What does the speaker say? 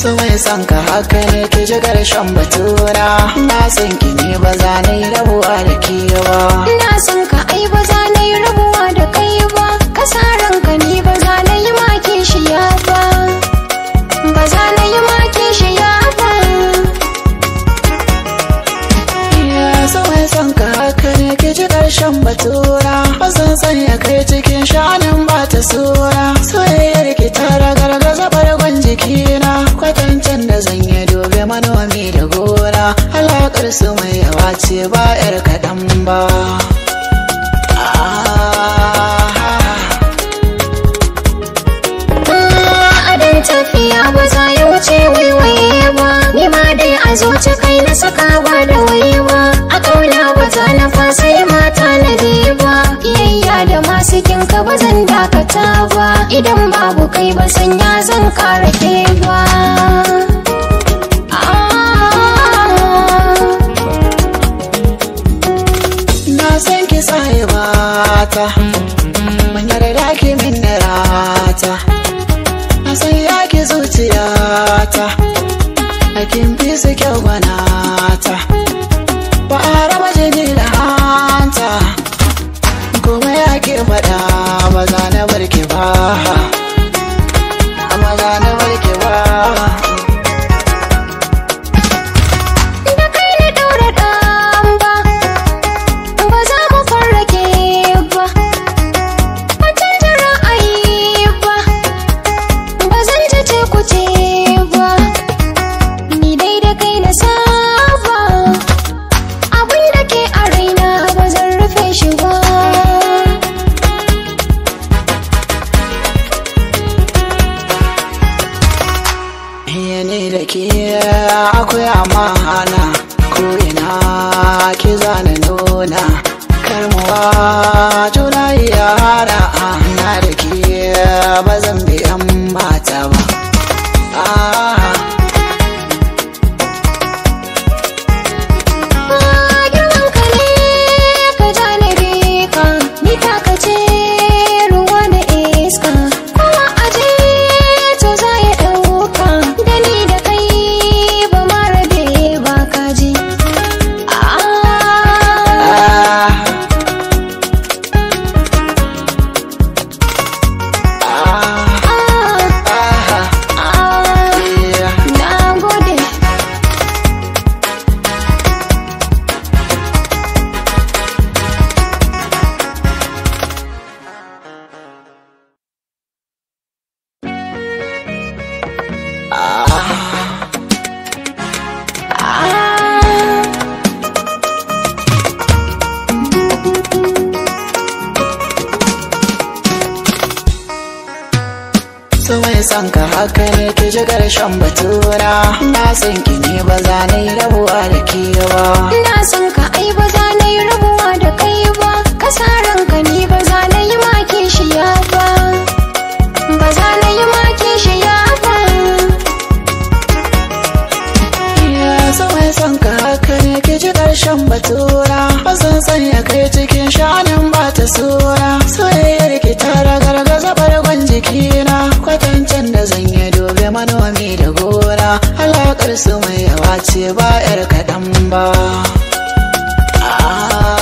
Sumai son ka haka ne ke ji karshen batura Na san ki ne ba za na yi rabuwa da ke ba Na san ka ai ba za na yi rabuwa da kai ba Kasaran ka ne ba za na yi ma kishiya ba Ba za na yi ba. shan batura Basan san sanya kai cikin shanin ba ta sura soyayyar ki ta ragargaza bargon jikina kwatancin da zan yi dobe manomi da gora alaƙar su mai yawa ce ba 'yar kaɗan ba tafiya ba ya wuce dai zuci kai na sakawa da waiwa a kauna wata na fasa tanadi ba kiyayya da masu kinka ba zan dakata ba idan babu kai ba sanya zan kara ke ba ah. tsaye bata ban yarda ki min da rata na san ya ki ta a kin fi su kyau banata faɗa maza na barke ba da kai na daura ɗan ba ba za mu farrake ba ba canza ra'ayi ba ba zan ta ce ku ce ba ni dai da kai na saba abin da ke a raina ba zan rufe shi ba da ke akwai amana ko ina ki zana nuna karmuwa juna yara na da ke baza. mai son ka haka ne ki ji karshen batura na san ki ne ba za na yi rabuwa da ke ba na san ka ai ba za na yi rabuwa da kai ba ta sura soyayyar ki ta ragargaza bargon jikina kwatancin da zan yi dobe manomi da gora alaƙar su mai yawa ce ba yar kaɗan ba ah.